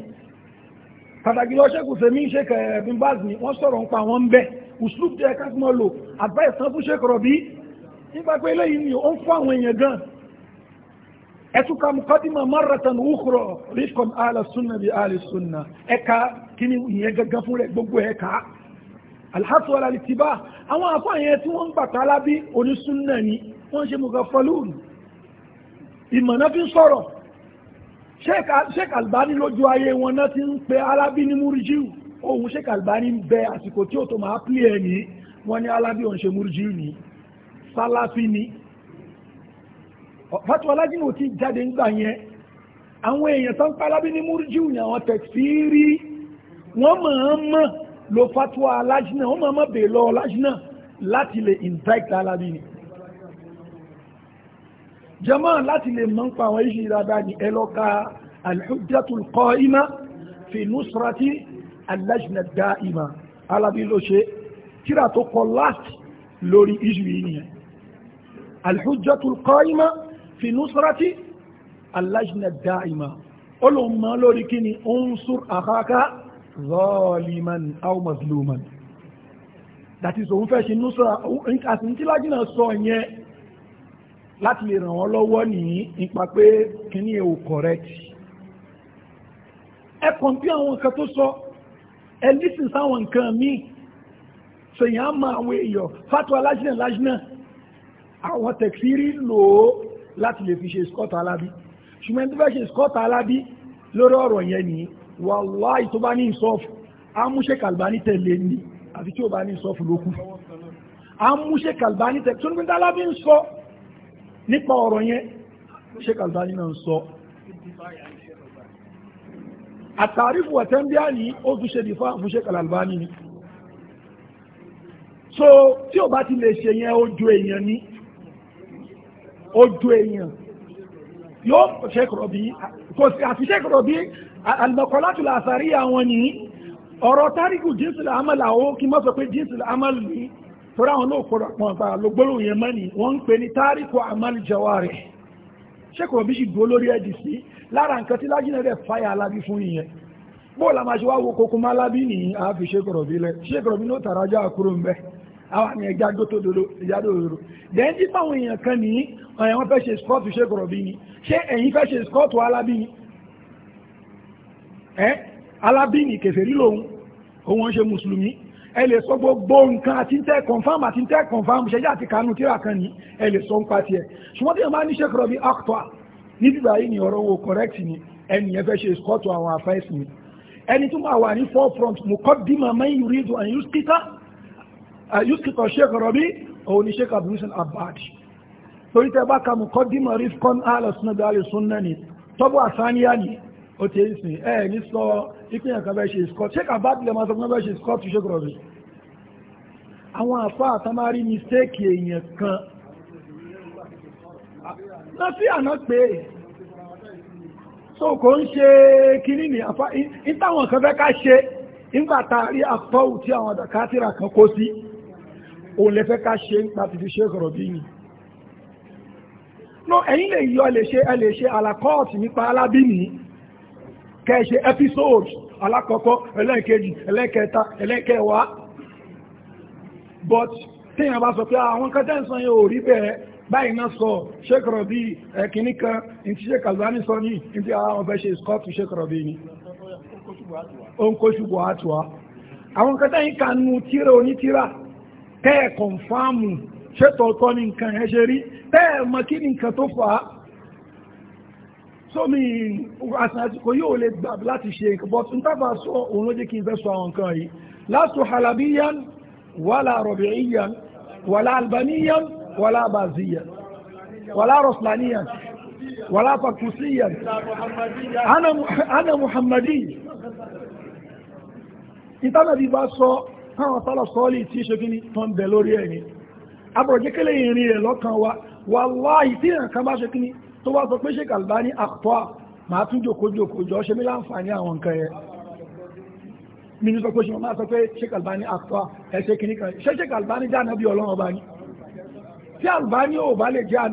C: pàtàkì lọ ṣẹ́kù sẹ́mi ṣẹ́kù ẹ̀bìn báàzì wọ́n sọ̀rọ̀ nípa wọn ń bẹ̀ ùsùlùm tẹ́ ká fún ọ lò advice tán fún ṣẹ́kọ̀rọ̀ bí nípa pé eléyìí ni ó ń fún àwọn èèyàn gan-an ẹtùkà mùkọ́dìmọ̀ marratan ukhra rifqan ala sunna bi ala sunna ẹ̀ka kí ni ìyẹn gangan fún rẹ̀ gbogbo ẹ̀ka alhassu alalitibá àwọn àfáàyẹ tí wọ́n ń pàtà alábí onísúnnà ni wọ́n ṣe mọ̀gá fọlúùn ìmọ̀ná fi ń sọ̀rọ̀ sheik albani lójú ayé wọn náà ti ń pe alábí ní múrìjíù ohun sheik albani bẹ àsìkò tí ó tó máa pílẹ̀ ẹni wọ́n ní alábí òun ṣe múrìjíù ni sálàfí ni fatuwa lájínà ti jáde ń gbà yẹn àwọn èèyàn tán pálábí ní múrújíù ní àwọn tẹ̀síìrí wọ́n máa ń mọ̀ lo fatuwa lájínà wọ́n máa ń bèè lọ lájínà láti lè indict alábí ni jama láti lè mọ́ ń pa àwọn iṣẹ́ ìdáadáa ní ẹlọ́ka alhujjatul qaima fi nusrati al-lajna ad alábí ló ṣe kíra tó kọ láti lórí iṣu yìí nìyẹn alhujjatul qaima fi nusrati alájìnà dáìmà ó lò mọ́ lórí kí ni ó ń súr zaliman aw mazluman that is òun fẹ́ ṣe nusra àti ní tí lájìnà sọ yẹn láti lè ràn wọ́n lọ́wọ́ nìyí nípa pé kí ni èò correct ẹ kọ̀ǹpí àwọn nǹkan tó sọ ẹ lísìn sáwọn nǹkan míì sèyàn á mọ àwọn èèyàn fatu alájìnà lájìnà àwọn tẹ̀sírí lòó láti lè fi ṣe scott alábí ṣùgbọ́n ẹni tó fẹ́ ṣe scott alábí lórí ọ̀rọ̀ yẹn ni wàláì tó bá ní ìsọ́ọ̀fù amúṣe kàlùbáni tẹ̀lé ni àti tí ó bá ní ìsọ́ọ̀fù lókù amúṣe kàlùbáni tẹ̀lé tó ní pínlẹ̀ alábí ń sọ nípa ọ̀rọ̀ yẹn ṣe kàlùbáni náà ń sọ. àtàrífù ọ̀tẹ́ńbíà ni ó fi ṣe dìfá fún kàlùbáni ni so tí ò bá ti lè ṣe yẹn ó ju èèyàn ní ojú èèyàn yóò ṣẹ́kọ̀rọ̀bí kò sí àti ṣẹ́kọ̀rọ̀bí alìmọ̀kọ́látù làṣàrí àwọn ní ọ̀rọ̀ táríkù jínsìlẹ̀ amàlà ó kí mọ́ sọ pé jínsìlẹ̀ amàlù ní torí àwọn olóòpọ̀lọpọ̀ lògbólò yẹn mọ́ ni wọ́n ń pè ní táríkù amàlù jawari ṣẹ́kọ̀rọ̀bí sì dúró lórí ẹ̀dì sí lára nǹkan tí lájínà rẹ̀ fáyà alábí fún ìyẹn bóòlà máa wá wo kókó má lábí nìyí àáfi ṣẹ́kọ̀rọ̀bí lẹ ṣẹ́kọ̀rọ̀bí ló tàrájá àkúrò ń bẹ́ẹ̀ àwọn àmì ẹja gbótó dodo ìyá dodo then ipa àwọn èèyàn kan ní ọ̀yàn wọn fẹ́ ṣe skọ́ọ̀tù ṣe gọ̀rọ̀ bí ni ṣé ẹ̀yin fẹ́ ṣe skọ́ọ̀tù alábí ni ẹ́ alábí ni kèfèrí lòun òun wọn ṣe mùsùlùmí ẹ lè sọ gbogbo nǹkan àti ń tẹ́ confam àti ń tẹ́ confam ṣẹjá àti kanu tíra kan ní ẹ ni ọ̀rọ̀ wo correct ni ẹni yẹn fẹ́ ṣe skọ́ọ̀tù Uh, yusuf sheikh rabi òun ni sheikh abdulhussein abad torí tẹ bá ka muqaddima rifqan alasuna bí alisunna ni tọ́bù àsáníyà ni ó ti ń sìn ẹ ní sọ ìpínyà kan bẹ́ẹ̀ ṣe scott sheikh abad lè máa sọ fún bẹ́ẹ̀ ṣe scott sheikh rabi àwọn àfa àtàmárí mistake èèyàn kan náà sí àná pé so kò fẹ́ ṣe nígbà tá rí àpọ́wù tí àwọn dàkátìrà kan kó sí òun lè fẹ́ ká ṣe ń pa títí ṣe sọ̀rọ̀ bí yìí no ẹ̀yin lè yọ lè ṣe ẹ lè ṣe àlàkọ́ọ̀tì nípa alábìní kẹ́ ẹ ṣe alákọ̀ọ́kọ́ ẹlẹ́ẹ̀kejì ẹlẹ́ẹ̀kẹta ẹlẹ́ẹ̀kẹwàá but téèyàn bá sọ pé ah, àwọn kẹtẹ́ ń san yẹn ò rí bẹ́ẹ̀ báyìí náà sọ ṣékọ̀rọ̀ bí ẹ̀kíní kan ìtí ṣe kàlùbáni sọ ní ìdí àwọn ọ̀fẹ́ ṣe skọ́ọ̀tù ṣékọ̀rọ̀ bí ni ó ń kóṣùbọ̀ àtùwá àwọn kẹtẹ́ kan nu tíra onítíra tẹ́ ẹ̀ kọ̀nfàmù ṣé tọ̀ọ̀tọ̀ ni nǹkan ẹ̀ ṣe rí tẹ́ ẹ̀ mọ kí ni nǹkan tó fà á sómi àṣà àsìkò yóò lè gbà láti ṣe nǹkan bọ́tù ń tábà sọ òun ló jẹ́ kí n fẹ́ sọ àwọn nǹkan yìí láti halabiyan wàlá rọ̀bìyàn wàlá albaniyan wàlá abaziyan
B: wàlá rọ̀slaniyan wàlá
C: fakusiyan
B: ana muhammadi
C: ìtànàbí bá sọ táwọn sálà sọ́ọ̀lì tí ṣe kí ni tó ń bẹ lórí ẹ̀ ni ìrìn rẹ̀ lọ́kàn wa wàláhì tí ìrìn kan bá ṣe kí ni tó wá sọ pé ṣe kàlùbá ní àpọ́ màá tún jòkójòkó jọ ṣe mí láǹfààní àwọn nǹkan yẹn mi ní sọ pé ṣe máa sọ pé ṣe ni tí àlùbá ní ò bá lè jẹ́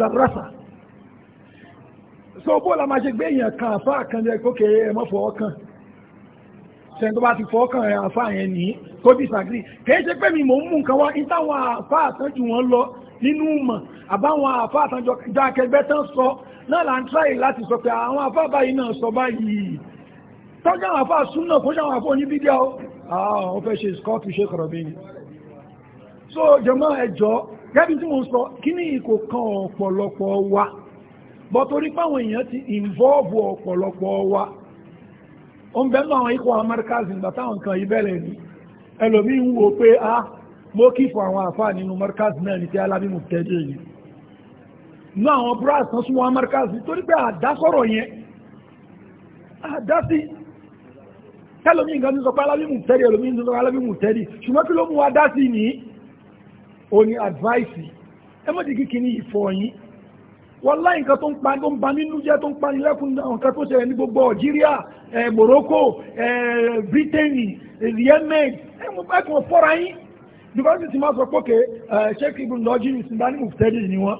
C: darasa so bó la máa ṣe gbé èèyàn kan àfá kan jẹ́ kókè ẹmọ́ fọwọ́ kan ṣẹ́n tó bá ti fọwọ́ kan àfá yẹn ní tó disagree kìí ṣe pé mi mò ń mú nǹkan wá ní táwọn àfá àtànjù wọn lọ nínú mọ̀ àbáwọn àfá àtànjọ já akẹgbẹ́ tán sọ náà là ń tráì láti sọ pé àwọn àfá báyìí náà sọ báyìí tọ́jú àwọn àfá sún náà kó ṣàwọn àfá oníbídíà ó ah, ó fẹ́ ṣe skọ́ọ̀tù ṣe kọ̀rọ̀ mi ni so jọmọ ẹjọ gẹ́gẹ́ tí mo sọ kí ìkò kan ọ̀pọ̀lọpọ̀ wa bọ́ torí páwọn èèyàn ti involve ọ̀pọ̀lọpọ̀ wa ó ń bẹ́ẹ̀ náà àwọn ikọ̀ amẹ́ríkàsì ìgbà táwọn nǹkan yìí bẹ̀rẹ̀ ni ẹlòmí ń wo pé a ah, mọ́ kí fún àwọn àfáà nínú amẹ́ríkàsì náà ní tí alábìmù tẹ́lẹ̀ yìí náà àwọn brass tán súnmọ́ amẹ́ríkàsì torí pé àdásọ̀rọ̀ ní o ní wọ́lá nǹkan tó ń pa tó ń ba nínú jẹ́ tó ń pa nílẹ́kùn nǹkan tó ṣẹlẹ̀ ní gbogbo algeria eh, morocco eh, britain eh, yemen ẹkùn fọ́ra yín because ti máa sọ pókè sheikh ibn lọ́jí ní sinbani muftadi ni wọ́n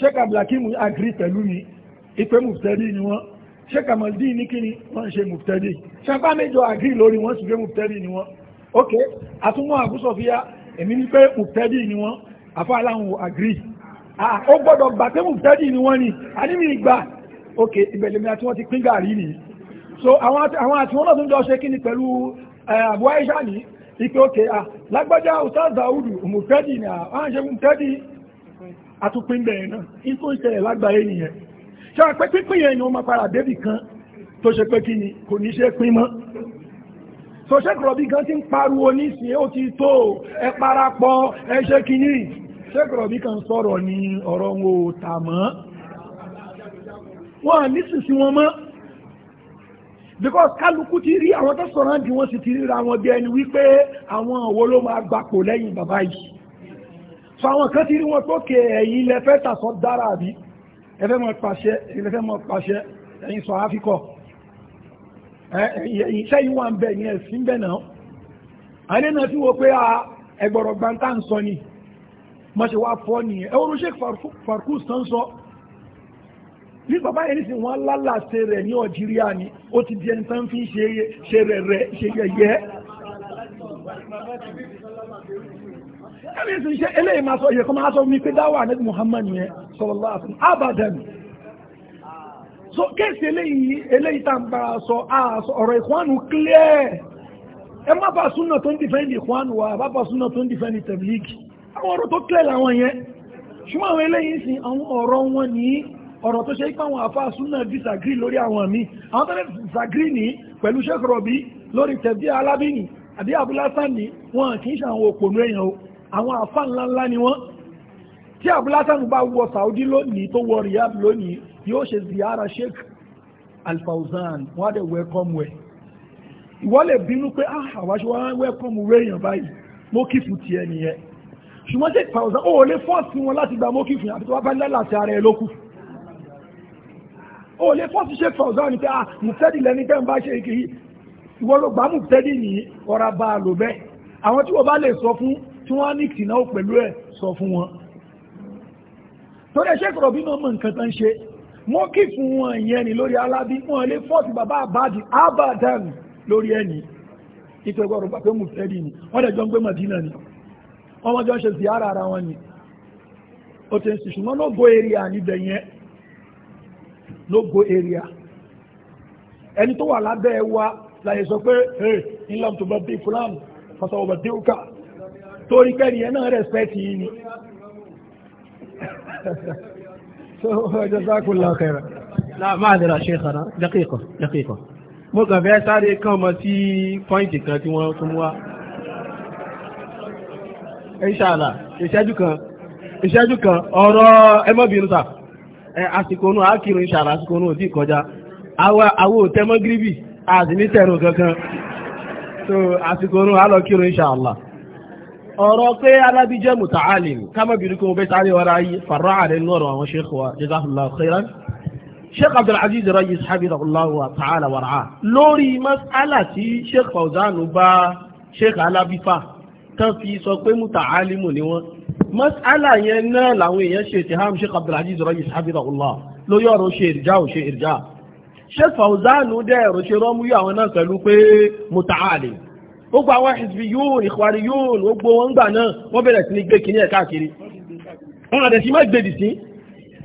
C: sheikh abdulhakeem agri pẹ̀lú ni ipe muftadi ni wọ́n sheikh amaldi ní kíni wọ́n ṣe muftadi ṣẹ́pá méjọ agri lórí wọ́n sì gbé muftadi ni wọ́n ok àtúnwọ̀n àbúsọ̀fíà èmi ní pé muftadi ni wọ́n àfáà láwọn agri ó gbọ́dọ̀ gbà pé mùtẹ́dì ni wọ́n ní a ní mi ìgbà òkè ìbẹ̀lẹ̀mí àti wọ́n ti pín gàrí nìyí so àwọn àti wọ́n náà tún jọ ṣe kí ni pẹ̀lú àbúwá iṣà ní ìpé òkè à lágbájá Ustaz Daudu mùtẹ́dì ni àwọn ṣe mùtẹ́dì àtúpín bẹ̀rẹ̀ náà in tó ń ṣẹlẹ̀ lágbàáyé nìyẹn ṣe àpẹ́ pínpín yẹn ni wọ́n máa para débì kan tó ṣe pé kí ni kò ní ṣe pín mọ́ so ṣẹ́kùrọ̀ bí gan ti ń pariwo nísìnyí ó ti tó ẹ parapọ̀ ẹ ṣe kìíní ṣẹ́kọ̀rọ̀ bí kan sọ̀rọ̀ ní ọ̀rọ̀ wọn ò tà mọ́ wọn nísinsí wọn mọ́ because kálukú ti rí àwọn tó sọ̀rọ̀ di wọ́n sì ti ríra wọn bí ẹni wípé àwọn òwò ló máa gbapò lẹ́yìn bàbá yìí so àwọn kan ti rí wọn tó kè ẹ̀yìn ilẹ̀ fẹ́ tàṣọ dára àbí ẹfẹ́ mọ̀ pàṣẹ ẹ̀yìnlẹ́fẹ́ mọ̀ pàṣẹ ẹ̀yìn sọ áfíkọ̀ ẹ̀yìn sẹ́yìn wà ń bẹ̀ ní ẹ̀sìn bẹ̀ náà àdénà tí wo ma ṣe wá fọ́ nìyẹn ẹwọ́n Sheikh Farkus tán sọ ní bàbá yẹn nísìn wọn lálàṣe rẹ̀ ní Algeria ni ó ti di ẹni tán fi ṣe rẹ̀ rẹ̀ ṣe yẹyẹ
B: ẹni sì ṣe eléyìí
C: máa sọ ìyẹ̀kọ́ máa sọ mi pé dáwà ní Muhammad yẹn sallallahu alaihi wasallam abadan so kéèsì eléyìí eléyìí tá n bá a sọ ọ̀rọ̀ ìkwánu clear ẹ má bàa súnà tó ń dìfẹ́ ìdí ìkwánu wa bá bàa súnà tó ń dìfẹ́ ìtẹ̀blíkì ọ̀rọ̀ tó kílẹ̀ làwọn yẹn ṣùgbọ́n àwọn eléyìí sí àwọn ọ̀rọ̀ wọn ní ọ̀rọ̀ tó ṣe ipá àwọn àfáà súnà disagree lórí àwọn mi àwọn tó disagree ní pẹ̀lú ṣẹ́kọ̀rọ̀bí lórí tẹ̀bí alábìnì àbí abúlásán wọn kì í ṣe àwọn òpònú èèyàn o àwọn àfáà ńláńlá ni wọ́n tí abúlásán bá wọ Saudi lónìí tó wọ Riyadh lónìí yóò ṣe ziyara Sheikh al wọn á dẹ̀ welcome wẹ̀ ìwọ lè bínú pé ah, àwáṣọ wọn welcome wẹ̀ èèyàn báyìí mo kí fún nìyẹn ṣùgbọ́n ṣe ìfàwọ̀sán ó lè fọ́ọ̀sì wọn láti gbà mókì fún àti tó wá bá nílẹ̀ àti ara ẹ̀ lókù ó lè fọ́ọ̀sì ṣe ìfàwọ̀sán ní pé à ah, mùtẹ́dì lẹ́ni tẹ́ ń bá ṣe kìí ìwọ ló gbà mùtẹ́dì ní ọ̀rá bá a lò bẹ́ẹ̀ àwọn tí wọ́n bá lè sọ fún tí wọ́n á ní ìtìná pẹ̀lú ẹ̀ sọ fún wọn torí ẹṣẹ́ kọ̀rọ̀ bí mọ́mọ́ nǹkan tán ṣe mókì fún wọn ìyẹn ni lórí alábí wọn lè fọ́ọ̀sì bàbá àbáàdì àbàdàn lórí ẹni ìtọ́gbọ̀rọ̀ pàpẹ́ mùtẹ́dì ni wọ́n dẹ̀ ń gbé màdínà ni ọmọ jọ ń ṣe ziyara ara wọn ni ó ti ń sì ṣùgbọ́n ló go area níbẹ̀ yẹn ló go ẹni tó wà lábẹ́ wa láyé sọ pé hey ilam tó bá bí fulan fọ́sọ̀ ọ̀bà tí ó kà torí kẹ́ni ẹ̀ náà respect yìí ni so jazakallahu khairan la ma'adara shaykhana daqiqa daqiqa
A: mo kàn fẹ́ sáré kàn mọ́ sí pọ́ìntì kan tí wọ́n tún wá inṣàlá ìṣẹ́jú kan ìṣẹ́jú kan ọ̀rọ̀ ẹmọ́bìnrin sà àsìkò náà àkìrò inṣàlá àsìkò náà òdì kọjá àwọn òtẹ́mọ́gíríbì àdìmítẹ̀rù kankan so àsìkò náà àlọ́kìrò inṣàlá ọ̀rọ̀ pé alábíjẹ́ mùtàálìm kámọ́bìnrin kò bẹ́ sáré wọ́ra yìí fàrọ́ àrẹ nínú ọ̀rọ̀ àwọn sheikh wa jazakumullahu khairan sheikh abdulaziz rayis habibullahu ta'ala wàrà lórí mas'ala tí sheikh fauzan bá sheikh alábífà tán fi sọ pé múta alimu ni wọ́n mas'ala yẹn náà làwọn èèyàn ṣe ti ham sheikh abdulaziz rayis hafidahullah lórí ọ̀rọ̀ ṣe ìrìjà ò ṣe ìrìjà sheikh fawzan dẹ́ ẹ̀rọ ṣe rọ́múyú àwọn náà pẹ̀lú pé múta alim gbogbo àwọn hizbiyun ikhwariyun gbogbo wọn gbà náà wọ́n bẹ̀rẹ̀ sí ní gbé kínní ẹ̀ káàkiri wọn àdẹ̀ sí má gbèdì sí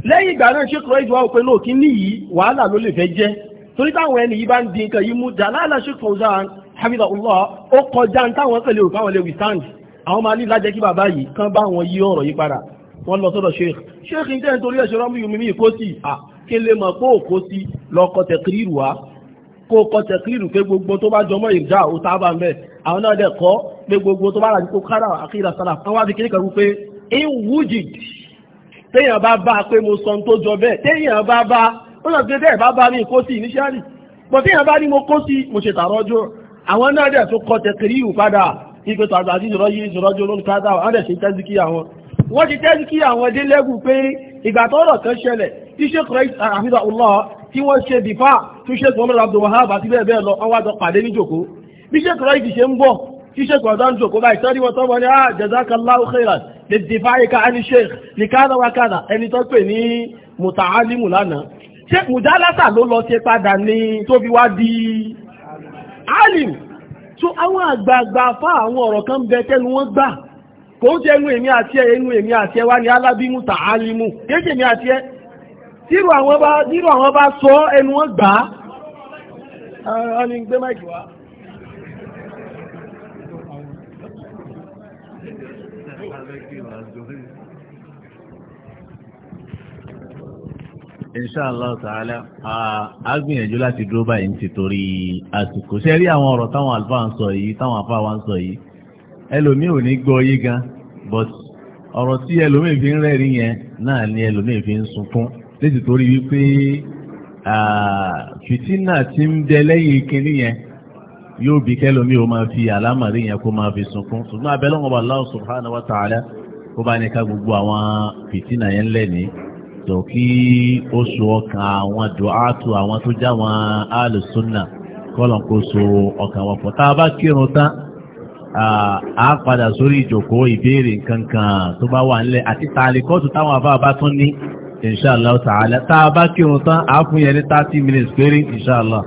A: lẹ́yìn ìgbà náà sheikh rayis wà pé náà kí níyì wàhálà ló lè fẹ́ jẹ́ torí táwọn ẹni yìí bá ń di nǹkan yìí mú dàlálà sheikh fawzan hábílà Allah ó kọjá ní táwọn pẹ̀lú òrùka wọn lè withstand àwọn máa ní lájẹ́ kí bàbá yìí kán bá wọn yí ọ̀rọ̀ yìí padà wọ́n lọ sọ́dọ̀ sheikh sheikh ní tẹ́yìn torí ẹ̀ṣọ́ rọ́mú yìí mímí kó sí à kí lè mọ̀ pé òkó sí lọ́kọ̀ tẹ̀kírìrù wa kó kọ́ tẹ̀kírìrù pé gbogbo tó bá jọmọ́ ìjà ó tá a bá ń bẹ̀ àwọn náà dẹ̀ kọ́ pé gbogbo tó bá rà kó kára àkíyà sálà àwọn àti kékeré kan pé in wujid téèyàn bá bá pé mo sọ tó jọ bẹ́ẹ̀ téèyàn bá bá ó lọ sí bẹ́ẹ̀ bá bá mi kó sí initially but téèyàn bá ní mo kó sí mo ṣe àwọn náà dẹ̀ tó kọ tẹ̀kìrí ìwù padà ipe tó àgbà àdìsọ̀rọ̀ yìí ìṣòro jọ lórí káàtà àwọn dẹ̀ ṣe tẹ́síkì àwọn wọ́n ti tẹ́síkì àwọn délẹ́gùn pé ìgbà tọ́rọ̀ kan ṣẹlẹ̀ tí ṣe kọ̀rọ̀ àfihàn Allah tí wọ́n ṣe dìfà tó ṣe kọ̀rọ̀ Abdul Wahab àti bẹ́ẹ̀ bẹ́ẹ̀ lọ wọ́n wá jọ pàdé ní jòkó bí ṣe kọ̀rọ̀ ìdí ṣe ń bọ̀ tí ṣe kọ̀rọ̀ dán jòkó báyìí tọ́rí wọn tọ́mọ ní ah jazakallahu khairan lè dìfà ìka ẹni sheikh ní kánà wa kánà ẹni tó pè ní mùtàálímù lánàá ṣé mùjálásà ló lọ ṣe padà ní tó fi wá di alim so àwọn àgbààgbà fa àwọn ọ̀rọ̀ kan bẹ tẹnu wọn gbà kò ń jẹnu èmi àti ẹ ẹnu èmi àti ẹ wá ní alábímú tà alimu kéèké èmi àti ẹ tírò àwọn bá sọ ẹnu wọn gbà
B: á ní gbé máìkì wá.
A: inshallah ta'ala a gbìyànjú láti dúró báyìí ní tìtorí àsìkò ṣe rí àwọn ọ̀rọ̀ táwọn àlùfáà ń sọ yìí táwọn àfáà wa ń sọ yìí ẹlòmíì ò ní gbọ́ yí gan but ọ̀rọ̀ tí ẹlòmíì fi ń rẹ́rìn yẹn náà ni ẹlòmíì fi ń sunkún létí torí wípé fìtínà ti ń bẹ lẹ́yìn kinní yẹn yóò bí kẹlòmíì ó máa fi àlámàrí yẹn kó máa fi sunkún ṣùgbọ́n abẹ́lẹ́ bá Allah subhanahu wa ta'ala kó bá ní ká gbogbo àwọn fìtínà tó kí ó so ọkàn àwọn dùátù àwọn tó já wọn alùsùnà kọ́lọ̀ kó so ọkàn wọn pọ̀ tá a bá kírun tán a padà sórí ìjókòó ìbéèrè nǹkankan tó bá wà nílẹ̀ àti tààlìkọ́tù táwọn àbá bá tún ní inshallah ta'ala tá a bá kírun tán a fún yẹn ní 30 minutes péré inshallah